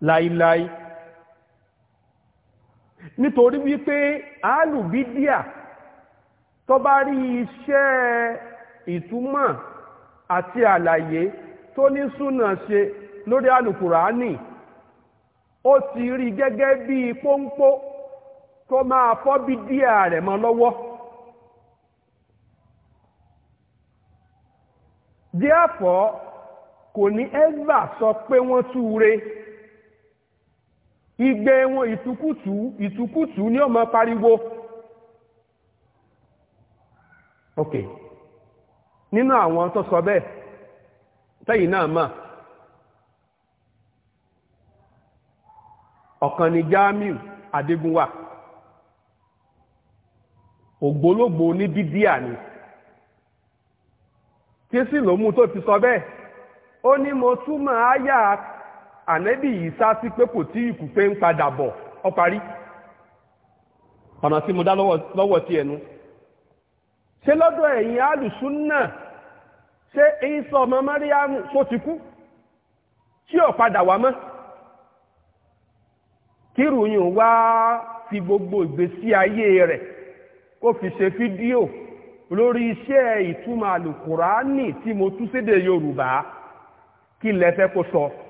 láíláí nítorí wípé alùbídíà tó bá rí iṣẹ́ ìtumọ̀ àti àlàyé tó ní súnà ṣe lórí alùkùránì ó ti rí gẹ́gẹ́ bí pọ́npọ́ tó máa fọ́ bídíà rẹ̀ mọ́ lọ́wọ́ díàfọ́ kò ní ẹ́gbà sọ pé wọ́n túure igbe ewon itukutu itukutu ni o máa pariwo ok nínú awon tó sọ bẹ́ẹ̀ tẹ́yìn náà mà ọ̀kan ni Jamiu Adégúnwà ògbólógbò ní bídíà ni ti sì ló mú tó fi sọ bẹ́ẹ̀ o ni mo túmọ̀ Aya. ànẹ́bì yìí sá sí pé kò tí ìkù pé ń padà bọ̀ ọ parí ọ̀nà tí mo dá lọ́wọ́ ti ẹnu ṣé lọ́dọ̀ ẹ̀yin alùsùnnà ṣé Ìsá ọmọ Máríámù tó ti kú tí ò padà wá mọ́ kírùyìn wá fi gbogbo ìgbésí ayé rẹ̀ kó fi ṣe fídíò lórí iṣẹ́ ìtumọ̀ àlùkùránì tí mo tú sédè Yorùbá kí lẹ fẹ́ kó sọ. So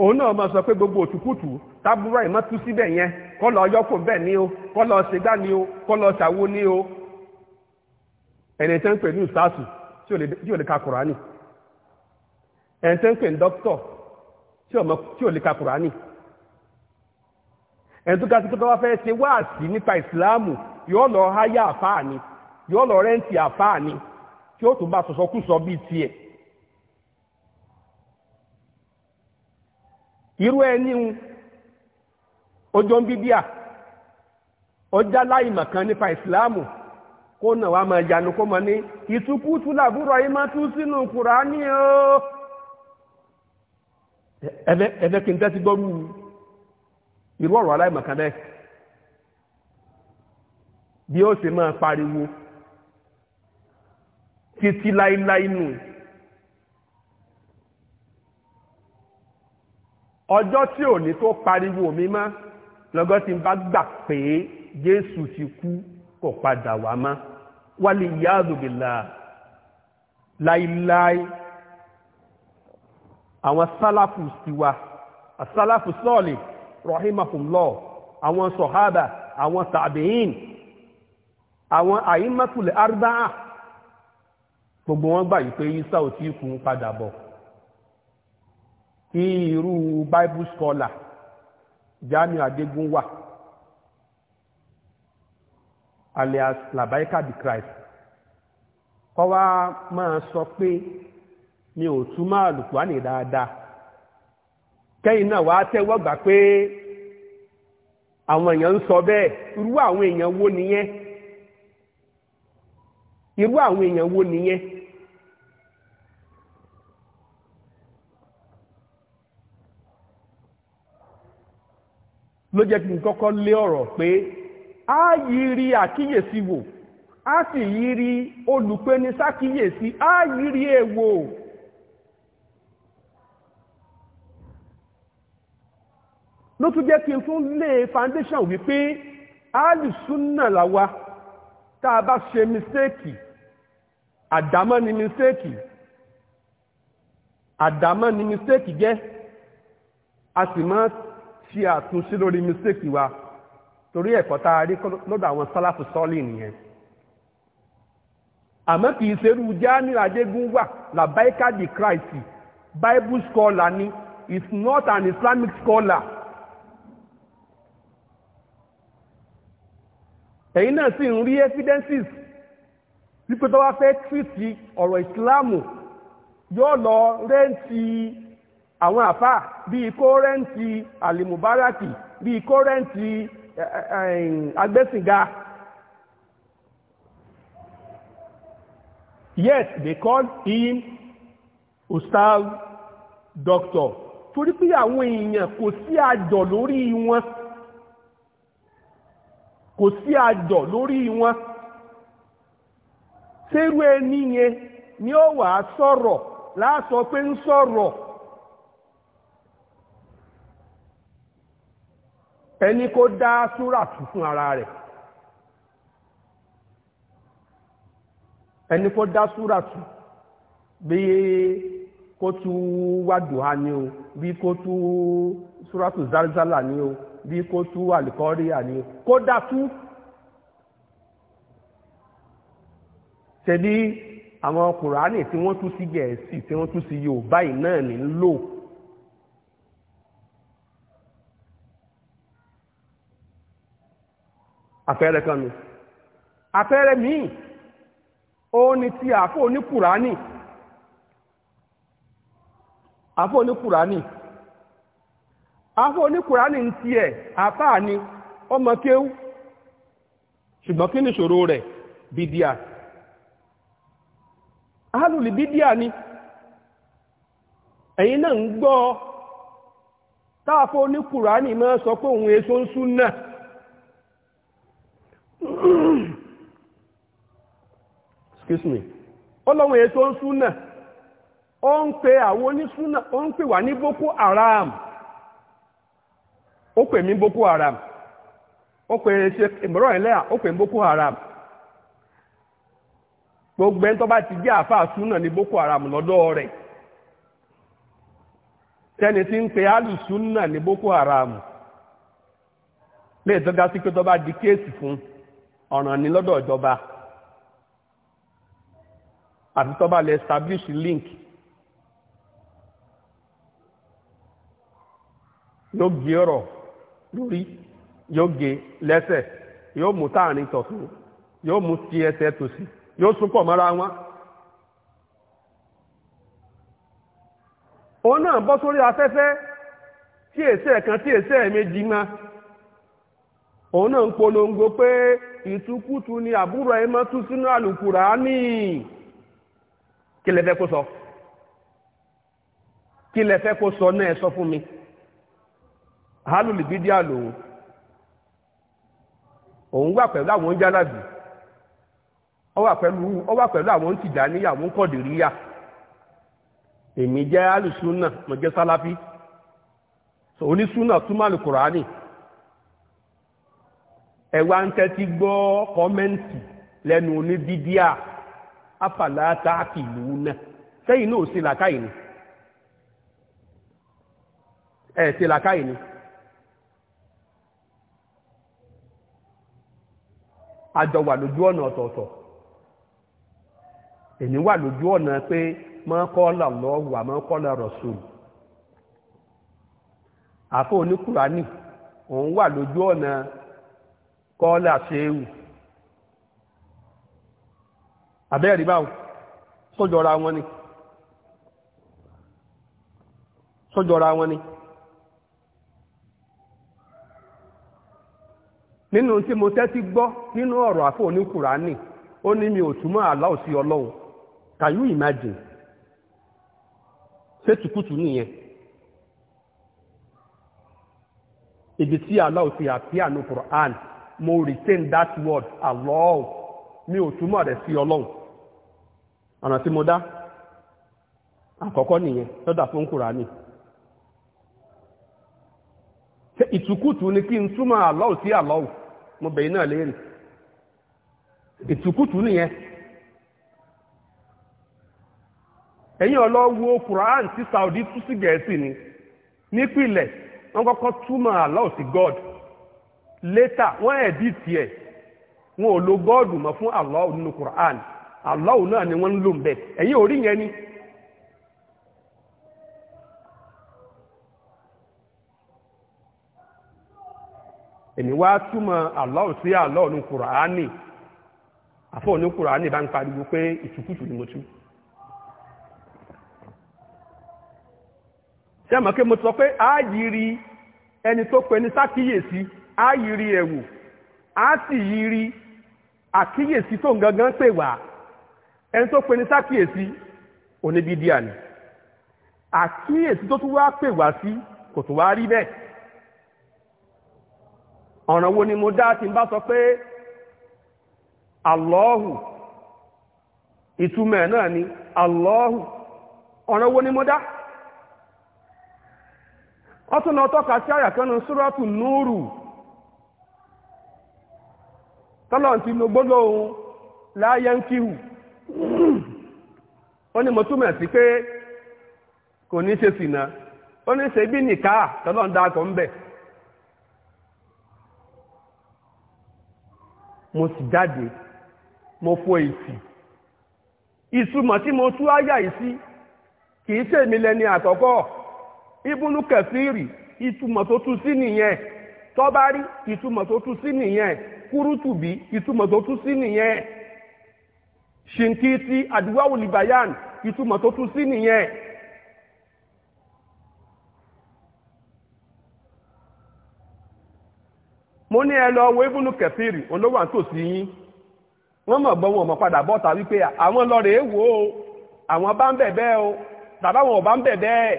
òun náà máa sọ pé gbogbo otu tábúrò ìmọ̀ tú síbẹ̀ yẹn kọ́ lọ yọ́kò bẹ́ẹ̀ ni o kọ́ lọ ni o kọ́ lọ ṣàwo ni o ẹni tẹ́ ń pè ní ìsáàsù tí ò lè ka kùránì ẹni tẹ́ ń pè ní dókítọ̀ tí ò lè ka kùránì ẹni tó ga sí pé tó fẹ́ ṣe wáàsí nípa ìsìláàmù yóò lọ háyà àfáà ni yóò lọ sọ bíi tiẹ̀ irú ẹni ń ọjọ́ ń bíbíà ọjà láìmọ̀ kan nípa ìsìláàmù kó nà wá máa yanu kó mọ ní ìtukútu làbúrò ayé máa tú sínú kùránì o ẹ̀fẹ́ kí n tẹ́tí gbọ́rú irú ọ̀rọ̀ aláìmọ̀ kan bẹ́ẹ̀ bí ó sì máa pariwo títí láíláí ọjọ́ tí ò ní tó pariwo mi mọ́ lọ́gọ́ tí n bá gbà pé jésù ti kú kò padà wá mọ́ wálé ìyá àdùbìlà láíláí àwọn sálàfù tiwa àsálàfù sọ́ọ̀lì rahimahumlọ́ àwọn sọ̀hábà àwọn tàbíìn àwọn àyímọ́tòlẹ̀ ardáà gbogbo wọn gbà yìí pé isa ò tí kú padà bọ̀ kí irú bible scholar Jamiu Adégún wà alias Labaika di Christ kọ́ wá máa sọ pé mi ò túmọ̀ àlùkùránì dáadáa kẹ́yìn náà wàá tẹ́wọ́ gbà pé àwọn èèyàn ń sọ bẹ́ẹ̀ irú àwọn èèyàn wo nìyẹn ló jẹ́ kí n kọ́kọ́ lé ọ̀rọ̀ pé a yiri rí àkíyèsí wò a sì yí rí olùpeni sákíyèsí a yí rí èwò ló tún jẹ́ kí n tún lé foundation wípé la wa tá a bá ṣe mistéèkì àdámọ́ ni mistéèkì àdámọ́ ni mistéèkì jẹ́ a sì máa ṣe àtúnṣe lórí mistake wa torí ẹ̀kọ́ tá a rí lọ́dọ̀ àwọn sálàfù sọ́ọ̀lì nìyẹn àmọ́ kì í ṣerú jamiu adégún wà labaika di Christ Bible scholar ni is not an Islamic scholar. ẹ̀yin náà sì ń rí evidences wípé tó wá fẹ́ tìrìtì ọ̀rọ̀ ìsìláàmù yóò lọ rẹ́ǹtì àwọn àfáà bíi kórẹ́ǹtì alimubaraki bíi kórẹ́ǹtì agbẹ́sìnga yes they call him ustaz doctor torí pé àwọn èèyàn kò sí àjọ lórí wọn kò sí àjọ lórí wọn ṣerú ẹni yẹn ni ó wà sọ̀rọ̀ láàsọ pé ń sọ̀rọ̀ ẹni kó dá súrà tù fún ara rẹ̀ ẹni kó dá súrà tù bí kó tú wàdùhà ni o bí kó tú súrà tù zálzálà ni o bí kó tú àlùkọ́ríà ni o kó dá tú. ṣe bí àwọn kùránì tí wọ́n tú sí gẹ̀ẹ́sì tí wọ́n tú sí yorùbá yìí náà ní lò. àpẹẹrẹ kan nù àpẹẹrẹ míì ó ní ti àfò oníkùránì àfò oníkùránì àfò oníkùránì ń tiẹ̀ àfáà ni ọmọ kéwú ṣùgbọ́n kí ni ìṣòro rẹ̀ bídíà alùlì bídíà ni ẹ̀yin náà ń gbọ́ táàfò oníkùránì máa sọ pé òun èso ń sún náà excuse me ọlọ́run ètò ń súnà ó ń pe àwọn onísúnà ó ń pè wà ní boko haram ó pè mí boko haram ó pè ṣe ó pè boko haram gbogbo ẹni tó bá ti súnà ní boko haram lọ́dọ̀ rẹ̀ tẹ́ni tí ń ní boko haram lè pé tó fún ọ̀ràn ní lọ́dọ̀ àti tó establish link yóò gé ọ̀rọ̀ lórí yóò gé lẹ́sẹ̀ yóò mú táàrin tọ̀tún yóò mú ti ẹsẹ̀ tòsí yóò súnpọ̀ mọ́ra wọn. òun náà bọ́ sórí afẹ́fẹ́ tí èsẹ̀ kan tí èsẹ̀ méjì máa òun náà polongo pé ni àbúrò mọ́ kí fẹ́ kó sọ kí fẹ́ kó sọ náà sọ fún mi hálùlùbídíà lòun òun wà pẹ̀lú àwọn jálàbì ó pẹ̀lú wà pẹ̀lú àwọn tìjàníyà àwọn kọ̀dìríyà èmi jẹ́ alùsúnà mo jẹ́ sáláfí onísúnà túmọ̀ alùkùránì ẹ ń tẹ́tí gbọ́ kọ́mẹ́ǹtì lẹ́nu afàlà táàkìlú náà sẹ́yìn náà ò sí làkàyè ni ẹ̀ sí làkàyè ni. àjọ wà lójú ọ̀nà ọ̀tọ̀ọ̀tọ̀ èmi wà lójú ọ̀nà pé máa kọ́lá lọ́wọ́ àmọ́ kọ́lá rọ̀sùn àfọ́ oníkùránì òun wà lójú ọ̀nà kọ́lá ṣéwù àbẹ́ẹ̀rí báwọn sójọra wọn ni sójọra wọn ni nínú tí mo tẹ́tí gbọ́ nínú ọ̀rọ̀ àfò ní kùránì ó ní mi ò túmọ̀ Allah sí ọlọ́run can you imagine ṣé tùkùtù nìyẹn ibi tí Allah ti àpíà ní kùránì mo retain that word Allah mi ò túmọ̀ rẹ̀ sí ọlọ́run ọ̀nà tí mo dá àkọ́kọ́ nìyẹn lọ́dà fún kùránì ìtùkùtù ni kí n túmọ̀ àlọ́ù sí àlọ́ù mo bẹ̀yìn náà léèrè ìtùkùtù nìyẹn ẹ̀yìn ọlọ́wọ́ kùránì tí Saudi tú sí gẹ̀ẹ́sì ni nípìnlẹ̀ wọ́n kọ́kọ́ túmọ̀ àlọ́ù sí God later wọ́n ẹ̀dí tiẹ̀ wọ́n ò lo God ma fún àlọ́ù nínú aláwò náà ni wọ́n ń lò ń bẹ̀ ẹ̀yìn orí yẹn ni èmi wá túmọ̀ aláwò sí aláwò ní kùràánì àfọ̀ ní kùràánì bá ń pariwo pé ìtùkùtù ni mo tú ṣé àmọ́ kí mo sọ pé áàyìírí ẹni tó pe ní sákìyèsí áàyìírí ẹ̀wò a sì yìírí àkíyèsí tó gangan pè wà. ẹni tó pe ní sákìyèsí ni a tó tún wá pè wá sí kò tún wá rí bẹ́ẹ̀ ọ̀ràn wo ni mo dá tí n bá sọ pé àlọ́hù ìtumẹ̀ náà ni àlọ́hù ọ̀ràn wo ni mo dá ọtún náà tọ́ka sí àyàkánu súrọ́tù núrù tọ́lọ̀ ti lo gbólóhùn láyé ń ó ní mo túmọ̀ sí pé kò ní ṣe sìnà ní ṣe bí nìka tọ́lọ́ ń ń bẹ̀ mo sì jáde mo fo èsì ìtumọ̀ tí mo tú áyà yìí kì í ṣèmi lẹni àkọ́kọ́ ibùnú kẹfìrì ìtumọ̀ tó tú sí nìyẹn tọ́bárí ṣìǹkìtì àdúgbò libayan ìtumọ̀ tó tún sí nìyẹn. mo ní ẹ lọ wo ibùnú kẹfìrì olówó àtòsí yín wọ́n mọ̀ gbọ́n wọn mọ̀ padà bọ́ta wípé àwọn lọ́rẹ̀ èèwò o àwọn bá ń bẹ̀ bẹ́ẹ̀ o tàbá wọn ò bá ń bẹ̀ bẹ́ẹ̀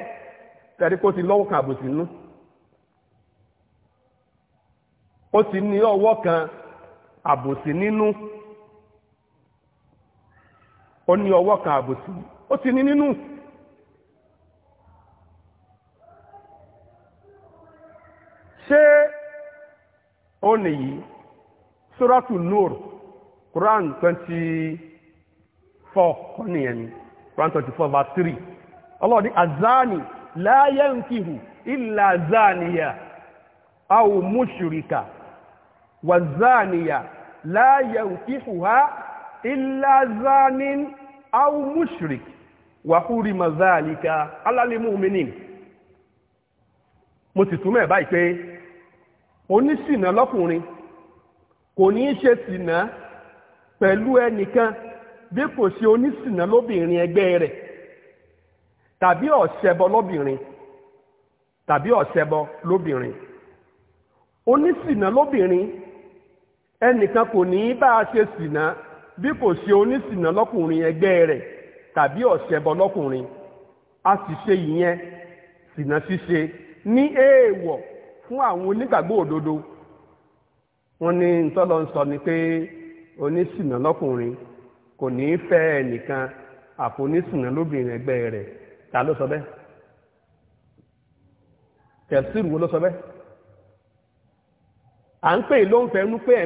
tẹ̀rí kó ti lọ́wọ́ kan àbòsí nú ó ti ní ọwọ́ kan àbòsí nínú ó ní ọwọ́ kan àbòsí ó ti ní nínú ṣé ó nìyí sóràtù nur quran twenty four kọ́ nìyẹn quran twenty four verse three ọlọ́ọ̀ni azani láyé nkihu ilà azaniya aw mushrika wà zaniya láyé nkihu ha illa zanin aw mushrik wa hurima zalika ala lil mu'minin mo ti túmọ̀ ẹ̀ báyìí pé oníṣìnà lọ́kùnrin kò ní í ṣe sìnà pẹ̀lú ẹnìkan bí kò ṣe oníṣìnà lóbìnrin ẹgbẹ́ rẹ̀ tàbí ọ̀ṣẹbọ lóbìnrin tàbí ọ̀ṣẹbọ lóbìnrin oníṣìnà lóbìnrin ẹnìkan kò ní í bá a ṣe sìnà bí kò ṣe onísìnà lọ́kùnrin ẹgbẹ́ rẹ̀ tàbí ọ̀ṣẹ̀bọ a sì ṣe ìyẹn sìnà ṣíṣe ní èèwọ̀ fún àwọn onígbàgbọ́ òdodo wọn ni ntọ́lọ ń sọ ni pé onísìnà lọ́kùnrin kò ní í fẹ́ ẹnìkan àfonísìnà lóbìnrin ẹgbẹ́ rẹ̀ ta ló sọ bẹ́ẹ̀ wo ló sọ bẹ́ẹ̀ à ń pè ló ń fẹ́ nú pé ẹ̀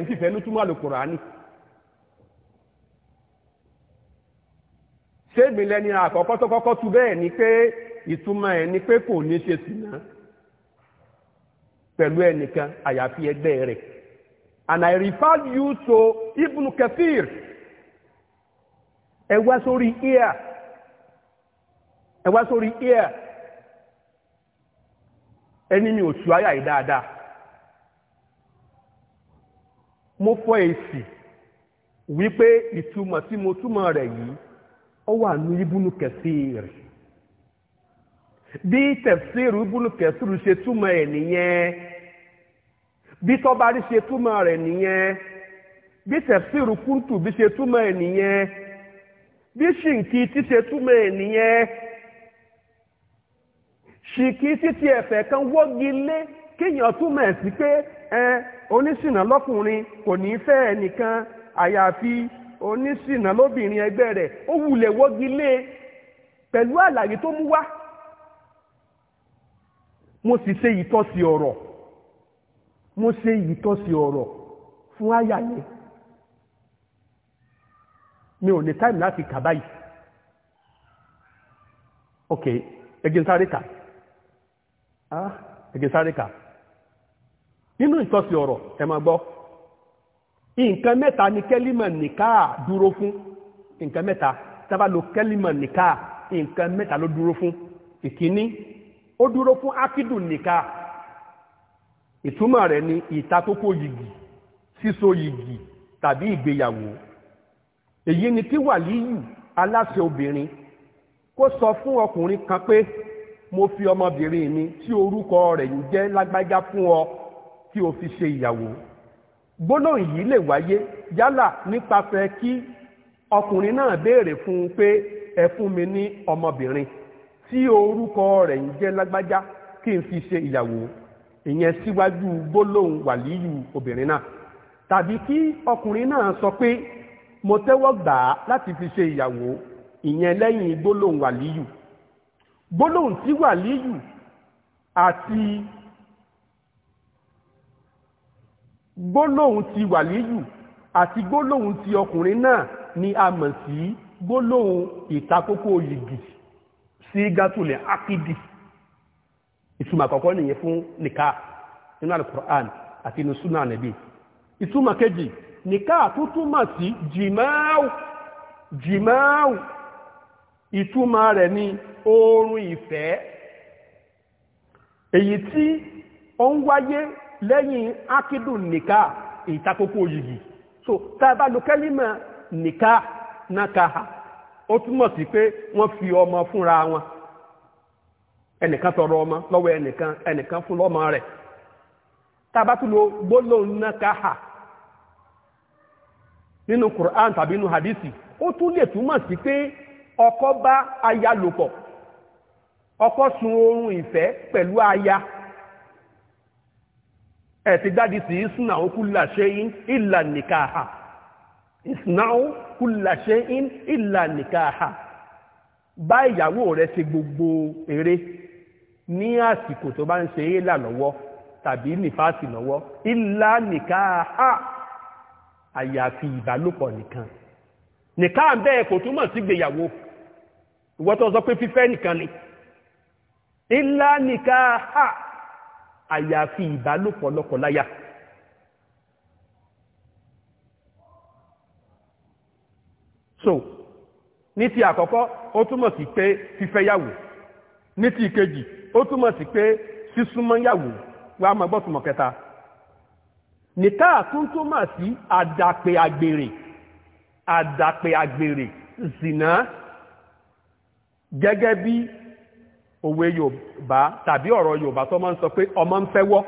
ṣéèmì lẹ́ni àkọ́kọ́ tó kọ́kọ́ tu bẹ́ẹ̀ ni pé ìtumọ̀ ẹ̀ ni pé kò ní ṣe sìnà pẹ̀lú ẹnìkan àyàfi ẹgbẹ́ rẹ̀ and I refer you to Ibn Kathir ẹ wá sórí ear ẹ wá sórí ear ẹni mi ò tú àyà yìí dáadáa mo fọ èsì wípé ìtumọ̀ tí mo túmọ̀ rẹ̀ yìí ó wà ní ibùnú kẹsìr bí tẹ̀síìrù ibùnú kẹsìrù ṣe túmọ̀ ẹ̀ nìyẹn bí tọ́bárí ṣe túmọ̀ rẹ̀ nìyẹn bí tẹ̀síìrù kúntù bí ṣe túmọ̀ ẹ̀ nìyẹn bí ṣìǹkì tí ṣe túmọ̀ ẹ̀ nìyẹn ṣìǹkì títí ẹ̀fẹ̀ kan wọ́gi lé kéèyàn túmọ̀ ẹ̀ sí pé ẹ oníṣìnà lọ́kùnrin kò ní fẹ́ ẹnìkan àyàfi onísìnà lóbìnrin ẹgbẹ́ rẹ̀ ó wulẹ̀ o e pẹ̀lú àlàyé tó mú wá mo sì ṣe ìtọ́sí ọ̀rọ̀ mo ṣe ìtọ́sí ọ̀rọ̀ fún àyà yẹn mi ò ní táìmù láti kà báyìí ok ẹgbẹ́ sáré kà ah ẹgbẹ́ sáré kà nínú ìtọ́sí ọ̀rọ̀ ẹ máa gbọ́. nǹkan mẹ́ta ni kẹ́límà nìká dúró fún nǹkan mẹ́ta tábà lo kẹ́límà nìká nǹkan mẹ́ta ló dúró fún ìkíní ó dúró fún ákídù nìká ìtumọ̀ rẹ̀ ni ìtakókó yìgì síso yìgì tàbí ìgbéyàwó èyí ni kí wàlíyù aláṣẹ obìnrin kó sọ fún ọkùnrin kan pé mo fi ọmọbìnrin mi tí orúkọ rẹ̀ ń jẹ́ lágbájá fún ọ tí o fi ṣe ìyàwó gbólóhùn yìí lè wáyé yálà nípasẹ̀ kí ọkùnrin náà béèrè fún un pé ẹ fún mi ní ọmọbìnrin tí orúkọ rẹ̀ ń jẹ́ lágbájá kí n fi ṣe ìyàwó ìyẹn síwájú gbólóhùn wàlíyù obìnrin náà tàbí kí ọkùnrin náà sọ pé mo tẹ́wọ́ gbà á láti fi ṣe ìyàwó ìyẹn lẹ́yìn gbólóhùn wàlíyù gbólóhùn tí wàlíyù àti gbólóhùn ti wàlíyù àti gbólóhùn ti ọkùnrin náà ni a mọ̀ sí gbólóhùn ìtakókò yìgì sí gátùlẹ̀ ákìdì ìtumọ̀ àkọ́kọ́ nìyẹn fún nìka nínú alukur'an àti inú súnà nàbí ìtumọ̀ kejì nìka àtútúmọ̀ sí jìmáwù jìmáwù ìtumọ̀ rẹ̀ ni oorun ìfẹ́ èyí tí ó ń wáyé lẹ́yìn akidu nìka ìtakókò yìí so tá a bá lo kẹ́límà nìka ó túmọ̀ sí pé wọ́n fi ọmọ fúnra wọn ẹnìkan tọrọ ọmọ lọ́wọ́ ẹnìkan ẹnìkan fún lọ́mọ rẹ̀ tá bá tún lo gbólóhùn nakaha nínú Qur'an tàbí nínú hadisi ó tún lè túmọ̀ sí pé ọkọ bá aya lò pọ̀ ọkọ sun oorun ìfẹ́ pẹ̀lú aya. ẹ ti jáde sí isnau kulla shay'in illa nìkáhà isnau kulla shay'in illa nìkáhà bá ìyàwó rẹ ṣe gbogbo eré ní àsìkò tó bá ń ṣe é là lọ́wọ́ tàbí nífàsì lọ́wọ́ illa nìkáhà àyàfi ìbálòpọ̀ nìkan nìkáà bẹ́ẹ̀ kò túmọ̀ sí gbéyàwó ìwọ sọ pé fífẹ́ nìkan ni illa nìkáhà àyàfi ìbálòpọ̀ lọ́kọláya. so ní ti àkọ́kọ́ ó túmọ̀ sí pé fífẹ́yàwó ní ti ìkejì ó túmọ̀ sí pé sísúnmọ́yàwó wa máa gbọ́ túmọ̀ kẹta nìka àtúntúmọ̀ sí àdàpè àgbèrè àdàpè àgbèrè zìnà gẹ́gẹ́ bí òwe yorùbá tàbí ọ̀rọ̀ yorùbá tó máa ń sọ pé ọmọ ń fẹ́wọ́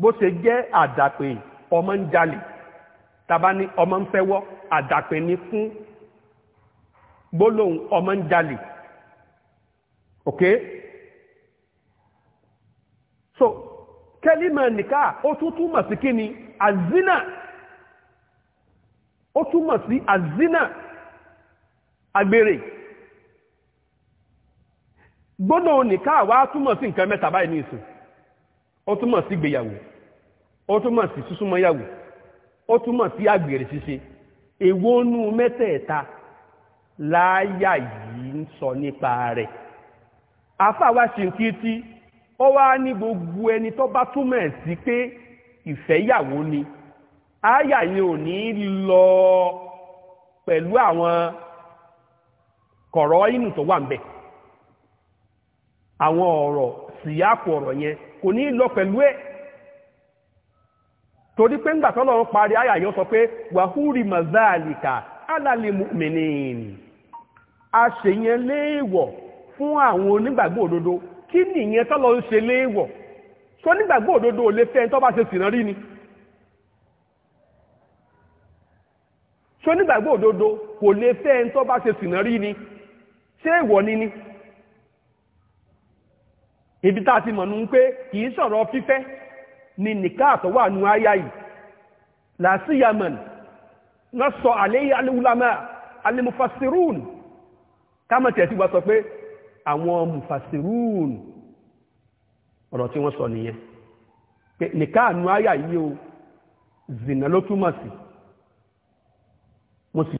bó ṣe jẹ́ àdàpè ọmọ ń jalè tàbá ní ọmọ ń fẹ́wọ́ àdàpè ni fún gbólóhùn ọmọ ń jalè ok so kẹ́límà nìka ó tún túmọ̀ sí kíni àzínà ó túmọ̀ sí àzínà agbèrè gbọ́dọ̀ nìká wá túmọ̀ sí nǹkan mẹ́ta báyìí ní ìsìn ó túmọ̀ sí gbéyàwó ó túmọ̀ sí súnmọ́yàwó ó túmọ̀ sí àgbèrè ṣíṣe èwo nú mẹ́tẹ̀ẹ̀ta láyà yìí ń sọ nípa rẹ̀ àfàwà ṣìǹkìtì ó wá ní gbogbo ẹni tó bá túmọ̀ sí pé ìfẹ́yàwó ni àyà yìí ò ní lọ pẹ̀lú àwọn kọ̀rọ̀ inú tó wà ń bẹ̀. àwọn ọ̀rọ̀ síyáàpù ọ̀rọ̀ yẹn kò ní lọ pẹ̀lú ẹ̀ torí pé ńgbà tọ́lọ́run parí sọ pé wàhúrì mazalika alálẹ̀ a ṣe yẹn léèwọ̀ fún àwọn onígbàgbọ́ òdodo kí nìyẹn tọ́lọ́run ṣe léèwọ̀ nígbàgbọ́ òdodo lè fẹ́ tó ṣe ibi tá a ti mọ̀ nù pé kì í sọ̀rọ̀ fífẹ́ ni nìka àtọ̀wà nù áyá yìí làásìyàmọ̀n náà sọ àléyé aléwúlámà alémufasirun kámọ̀tì ẹ̀ ti wá sọ pé àwọn mufasirun ọ̀rọ̀ tí wọ́n sọ nìyẹn nìka ànú áyá yìí o zìnà ló túmọ̀ sí